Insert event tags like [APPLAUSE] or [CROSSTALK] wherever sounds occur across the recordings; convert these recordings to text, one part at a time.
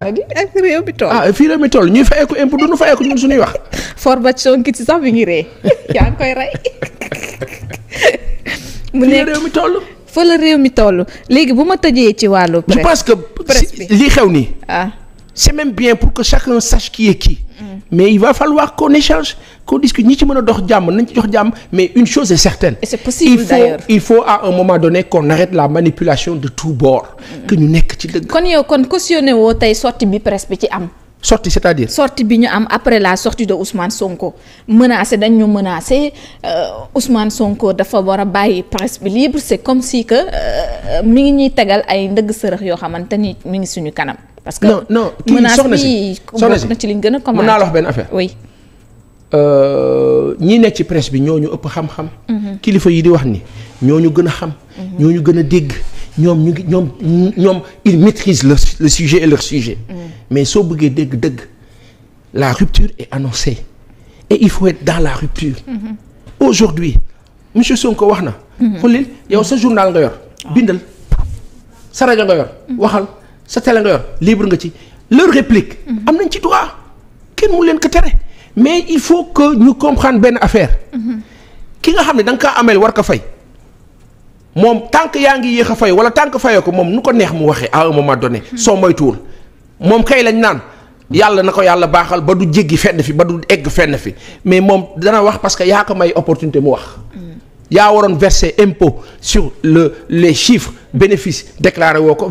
ak réew mi toll. ah fii réew mi toll ñuy fayeeku impôt du ñu fayeeku ñun suñuy wax. formation ki ci sax mi ngi ree [LAUGHS] yaa ngi koy rey. [LAUGHS] mu toll. fa la réew mi toll léegi bu ma tëjee ci wàllu. presse je pense que li xew nii. ah. c'est même bien pour que chacun sache qui est qui. Mm. mais il va falloir qu'on échange qu'on discute Ni ci dox ci mais une chose est certaine. et c'est possible d'ailleurs il faut à un moment donné qu'on arrête la manipulation de tous bords. Mm. que ñu nekk ci dëgg. kon yow kon cautionné woo tey sortie bi presse bi am. sortie c'est-à-dire. sortie bi am après la sortie de Ousmane Sonko menacé nous menacé euh, Ousmane Sonko dafa war a bàyyi presse libre c'est comme si que Euh, ngi ñuy tegal ay ndëgg sërëx yoo parce que non non kii soxna si menace bi ci liñ gën a commencé mën affaire. oui. Euh, ñi nekk ci presse bi ñoo ñu ëpp xam-xam. Mhm. kilifa yi di wax ni ñoo ñu gën a xam. Mhm. ñoo ñu Ni on dégg ñoom ñu ils maîtrisent le le sujet et leur sujet. Mhm. mais soo bëggee dégg la rupture est annoncée et il faut être dans la rupture. aujourd'hui monsieur Sonko wax il y yow ce journal nga yor. Ah. bindal sa rajo nga yor waxal cest télé libre nga leur réplique. Mhm. am ci droit ken ko mais il faut que nous comprenions bien affaire. Mhm. ki nga war fay. fay wala tanke que mom ko neex mu à un moment donné. Mhm. moy tour mom kay lañ yalla na ko ba du jéggi fenn fi ba du egg mais dana wax parce que ya ko may opportunité mu wax. Mm. ya verser impôt sur le les chiffres bénéfices déclaré woko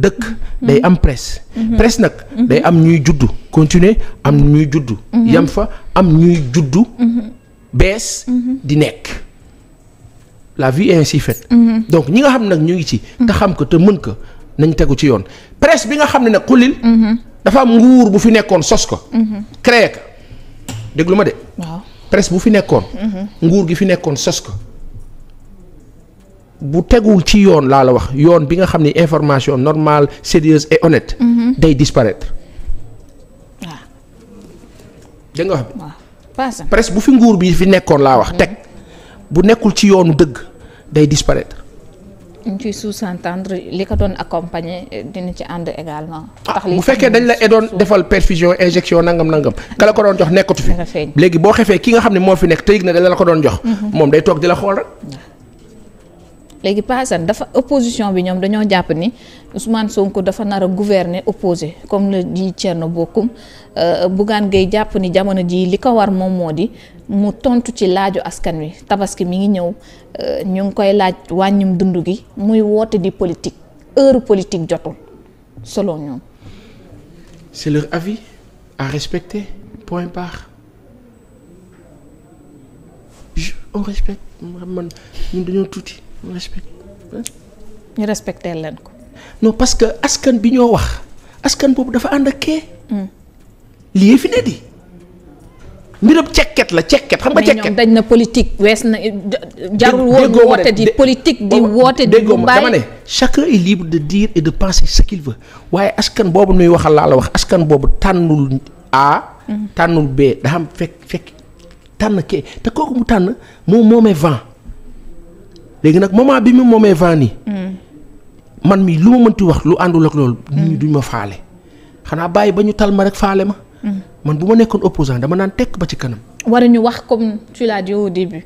mais day am press presse mhm. nak mhm. day am ñuy continuer am mhm. ñuy yam fa am ñuy la vie est ainsi faite donc ñi nga xam nak ñu ngi ci ta xam ko te mën ko nañ presse bi nga xam ne nag xulil dafa am nguur bu fi sos ko créé ko de presse bu fi nekkoon nguur gi fi sos ko bu teguwul ci yoon laa la wax yoon bi nga xam ne information normale sérieuse et honnête. Mhm. day disparaître. waaw. dégg que wax bu fi nguur bi fi nekkoon laa wax mhm. teg bu nekkul ci yoonu dëgg day disparaître. ñu ciy sous-entendre li ko doon accompagner eh, dina ci ànd également. Ah, tax bu fekkee dañ la doon defal perfusion injection nangam nangam. kala ko doon jox nekkatu fi. léegi boo xefee ki nga xam ne moo fi nekk te yëg na da la ko doon jox. Mhm. moom day toog di la xool rek. léegi Pa dafa opposition bi ñom dañu japp ni Ousmane Sonko dafa nar gouverner opposé comme le dit Thierno euh Bougane Gueye japp ni jamono ji liko war mom modi mu tontu ci laaju askan wi tabaski mi ngi ñew euh, ñu ngi koy laaj wañum dundu gi muy wote di politique heure politique jotul solo ñom c'est leur avis à respecter point par je, on respecte man ñun dañoo tuuti. respect ñu respecté leen ko. non parce que askan bi ñoo wax askan boobu dafa ànd ak kee. Hmm. lii fi ne di. mbiram cekket la cekket xam nga cekket dañ na politique wees na jarul woon woote di politique di woote di bu bàyyi dama ne libre de dire et de penser ce qu'il waaye askan boobu nuy waxal laa la wax askan boobu tànnul A. Hmm. tànnul B daa am fekk fekk tànn kee te kooku mu tànn moom moomee vent. léegi nak moment bi mu moomee van hmm man mi luma ma mënti wax lu andul ak lol nit duñ ma faale. xana bàyyi bañu talma rek faale ma. man buma ma nekkoon opposant dama nan tek ba ci kanam. waruñu wax comme tu l'as dit au début.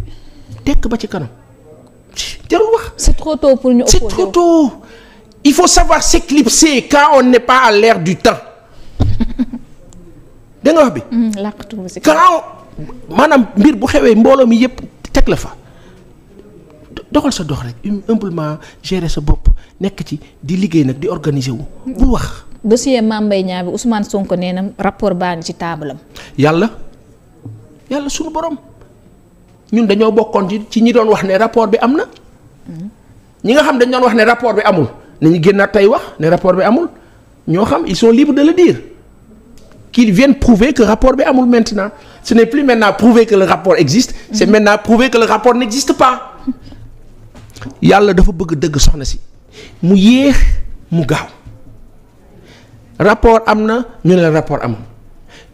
tek ba ci kanam jarul wax. c'est trop tôt pour ñu opposer c'est trop tôt. il faut savoir s'éclipser quand on n'est pas à l'ère du temps. [LAUGHS] da nga wax bi. Mm, làqatu ma si. quand manam mbir bu xewé mbooloo mi yépp tek la fa doxal sa dox rek humblement gérer sa bop nek ci di liguey nak di organiser wu. bu wax. dossier Mame Mbaye Ousmane Sonko nee rapport baa ngi ci am yalla yalla suñu borom ñun dañoo bokkon ci ñi doon wax ne rapport bi amna ñi nga xam dañ doon wax ne rapport bi amul nañu génnaat tay wax ne rapport bi amul ño xam ils sont libres de le dire qu'ils viennent prouver que rapport bi amul maintenant ce n'est plus maintenant prouver que le rapport existe. c'est mm-hmm. maintenant prouver que le rapport n'existe pas. yàlla dafa bëgg dëgg soxna si mu yéex mu gaaw rapport am na ñu ne rapport am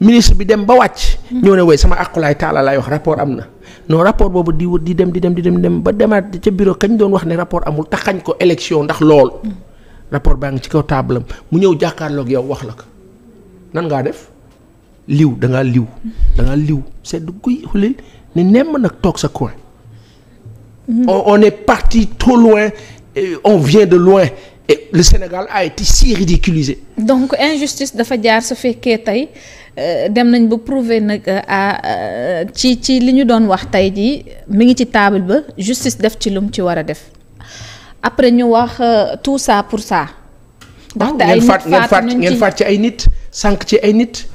ministre bi dem ba wàcc. ñoo ne woy sama àqulaay taala laay wax rapport am na non rapport boobu di di dem di dem di dem ba demaat ca bureau kañ doon wax ne rapport amul tax xañ ko élection ndax lool. rapport baa ngi ci kaw table mu ñëw jàkkaarloog yow wax la ko nan ngaa def liw da liw da liw sedd guy xulil ni nemm nag toog sa coin. On, est parti trop loin, et on vient de loin. Et le Sénégal a été si ridiculisé. Donc, injustice dafa jaar fait fekkee tey euh, dem nañ ba prouver nag euh, euh, ci ci li ñu doon wax tey jii mi ngi ci table ba justice def ci lum ci war a def après ñu wax tout ça pour ça. Ah, ndaxte ay nit faat ngeen faat ci ay nit sànq ci ay nit.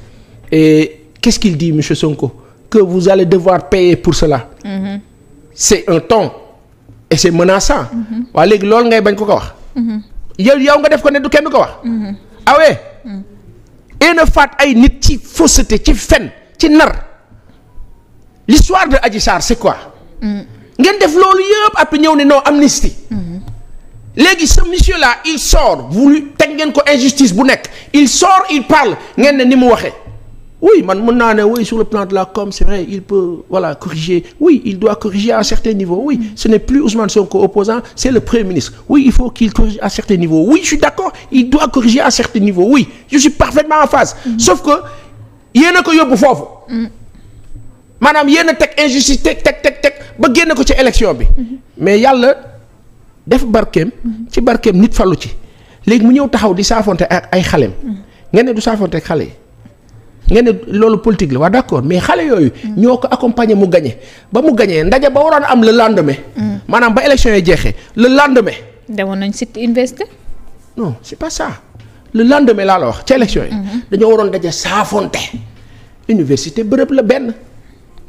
et qu'est-ce qu'il dit monsieur Sonko que vous allez devoir payer pour cela. Mm-hmm. c'est un temps c'est menaçant. Mm-hmm. ngay ko ko wax. des mm-hmm. yow nga def ko mm-hmm. ah ouais. a faat ay fausseté ci l'histoire de Adji c'est quoi. Il def a des amnistie. ce monsieur là il sort voulu injustice il sort il parle ne ni mu oui, oui, sur le plan de la com, c'est vrai, il peut voilà, corriger. Oui, il doit corriger à un certain niveau. Oui, mm. ce n'est plus Ousmane Sonko opposant, c'est le Premier ministre. Oui, il faut qu'il corrige à un certain niveau. Oui, je suis d'accord, il doit corriger à un certain niveau. Oui, je suis parfaitement en phase. Mm. Sauf que, il y en a qui ont pour Madame, il y en a tech injustice, tech, tech, tech, tech, il y en a qui élection. Mm-hmm. Mais il y a le def barkem, mm-hmm. ci barkem nit fallu ci. Légui mu ñew taxaw di safonté ak ay xalem. Mm. Nga du safonté ak xalé. nga ne loolu politique la waa d'accord mais xale yooyu. ñoo ko accompagner mu gagné ba mu gagné ndaje ba waroon am la lendemain. Mm. maanaam ba élection yi jeexee le lendemain. demoon nañ site investé. non c'est pas ça le lendemain laa la wax ci élection yi. Mm-hmm. dañoo waroon daje saafonte université bërëb la benn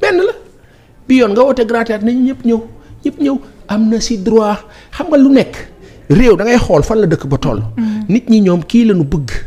benn la bi yoon nga woote grand théâtre ñëpp ñëw ñëpp ñëw am na si droit xam nga lu nekk réew da ngay xool fan la dëkk ba toll. Mm-hmm. nit ñi ñoom kii la bëgg.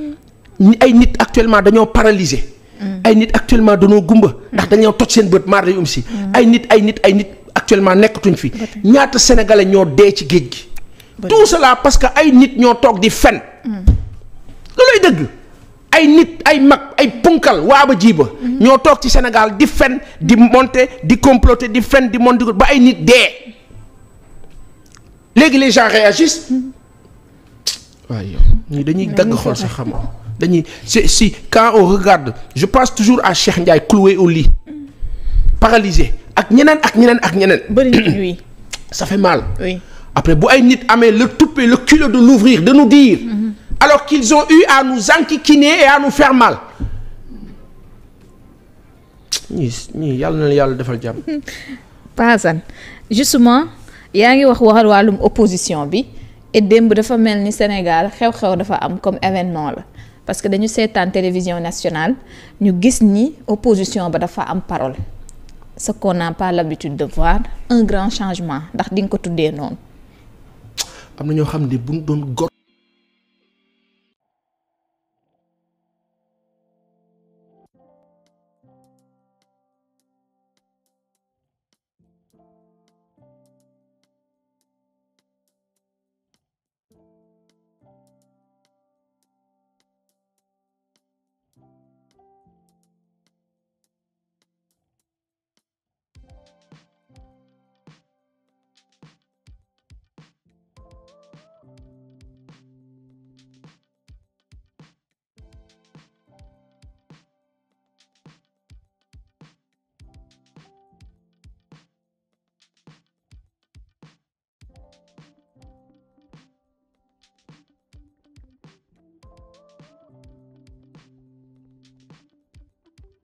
ay actuellement dañoo paralysé. Mm. ay nit actuellement dañoo gumba. Mm. ndax dañoo toj sen beut maar day um si. Mm. ay nit ay nit ay nit actuellement nekkatuñ fi. ñaata sénégalais ñoo dé ci géej gi. tout cela parce que ay nit ñoo tok di fen. loolooy dëgg. ay nit ay mak ay punkal waaba jiba ñoo tok ci Sénégal di fen di monter di comploter di fen di monter ba ay nit dé légui les gens réagissent waaye ñi dañuy dagg xol sa xam si quand on regarde je pense toujours à Cheikh Ndiaye cloué au lit paralysé ça fait mal. oui après bu ay nit le toupé, le culot de l'ouvrir de nous dire. Mm-hmm. alors qu'ils ont eu à nous enquiquiner et à nous faire mal. ni ni na defal [LAUGHS] Pazan justement il ngi wax waxal walum opposition bi et des dafa melni Sénégal xew-xew dafa am comme événement parce que nous sommes en télévision nationale nous avons ni opposition à la parole ce qu'on n'a pas l'habitude de voir un grand changement ndax